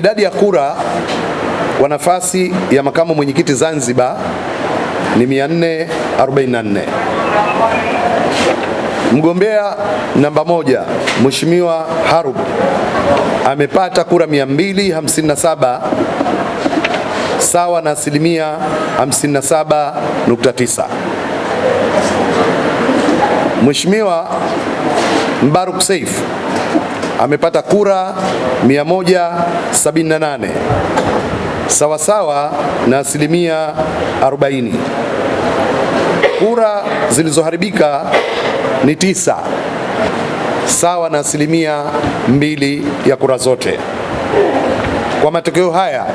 Idadi ya kura wa nafasi ya makamu mwenyekiti Zanzibar ni 444. Mgombea namba moja Mheshimiwa Harub amepata kura 257 sawa na asilimia 57.9. Mheshimiwa Mbaruk Seif amepata kura 178 sawasawa na asilimia 40. Kura zilizoharibika ni tisa sawa na asilimia mbili ya kura zote. Kwa matokeo haya,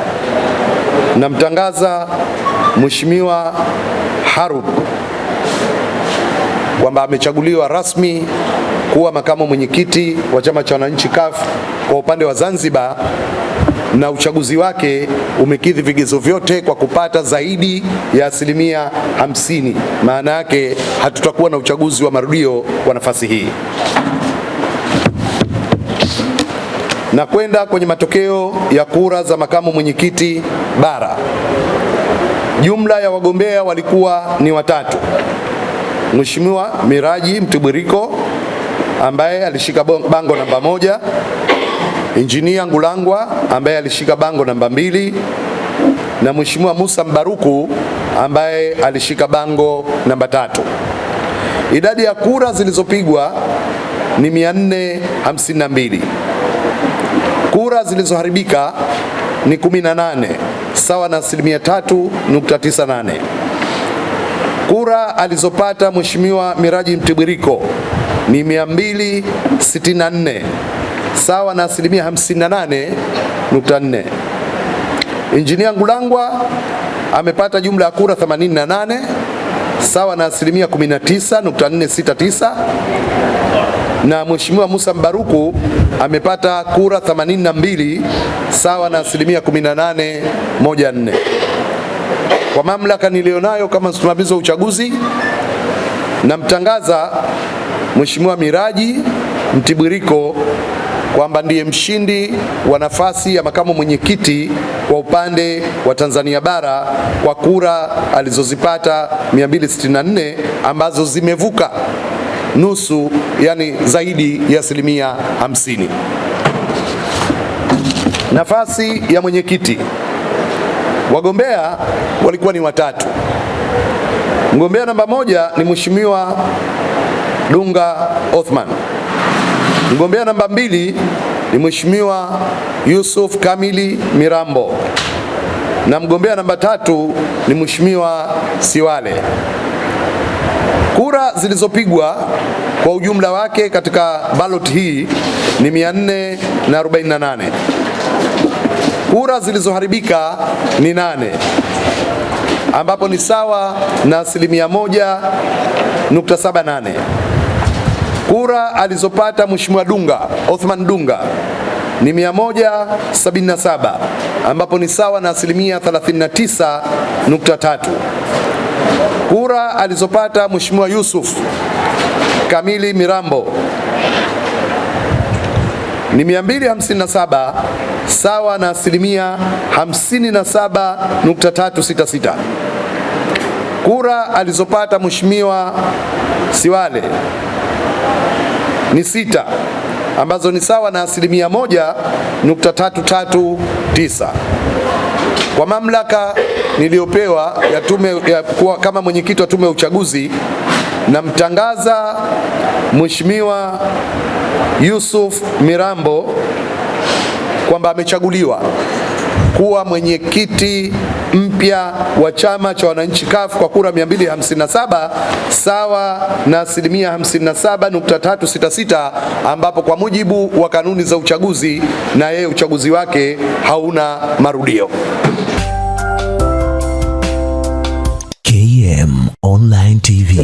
namtangaza Mheshimiwa Harub kwamba amechaguliwa rasmi kuwa makamu mwenyekiti wa chama cha wananchi CUF kwa upande wa Zanzibar na uchaguzi wake umekidhi vigezo vyote kwa kupata zaidi ya asilimia hamsini. Maana yake hatutakuwa na uchaguzi wa marudio wa nafasi hii. Na kwenda kwenye matokeo ya kura za makamu mwenyekiti bara, jumla ya wagombea walikuwa ni watatu: Mheshimiwa Miraji Mtibweriko ambaye alishika bango namba moja, Injinia Ngulangwa ambaye alishika bango namba mbili na Mheshimiwa Musa Mbaruku ambaye alishika bango namba tatu. Idadi ya kura zilizopigwa ni 452. Kura zilizoharibika ni 18 sawa na asilimia 3.98. Kura alizopata Mheshimiwa Miraji Mtibiriko ni 264 sawa na asilimia 58.4. Injinia Ngulangwa amepata jumla ya kura 88 sawa na asilimia 19.469 na Mheshimiwa Musa Mbaruku amepata kura 82 sawa na asilimia 18.14. Kwa mamlaka niliyonayo kama msimamizi wa uchaguzi Namtangaza Mheshimiwa Miraji Mtibiriko kwamba ndiye mshindi wa nafasi ya makamu mwenyekiti kwa upande wa Tanzania bara kwa kura alizozipata 264 ambazo zimevuka nusu, yani zaidi ya asilimia 50. Nafasi ya mwenyekiti wagombea walikuwa ni watatu. Mgombea namba moja ni Mheshimiwa Dunga Othman. Mgombea namba mbili ni Mheshimiwa Yusuf Kamili Mirambo na mgombea namba tatu ni Mheshimiwa Siwale. Kura zilizopigwa kwa ujumla wake katika ballot hii ni 448. Kura zilizoharibika ni nane ambapo ni sawa na asilimia moja nukta saba nane. Kura alizopata Mheshimiwa Dunga Othman Dunga ni 177 ambapo ni sawa na asilimia 39.3. Kura alizopata Mheshimiwa Yusuf Kamili Mirambo ni 257 sawa na asilimia 57.366. Kura alizopata Mheshimiwa Siwale ni sita ambazo ni sawa na asilimia tisa. Kwa mamlaka niliyopewa ya tume ya kuwa kama mwenyekiti wa tume ya uchaguzi Namtangaza Mheshimiwa Yusuf Mirambo kwamba amechaguliwa kuwa mwenyekiti mpya wa Chama cha Wananchi CUF kwa kura 257 sawa na asilimia 57.366, ambapo kwa mujibu wa kanuni za uchaguzi na yeye uchaguzi wake hauna marudio. KM Online TV.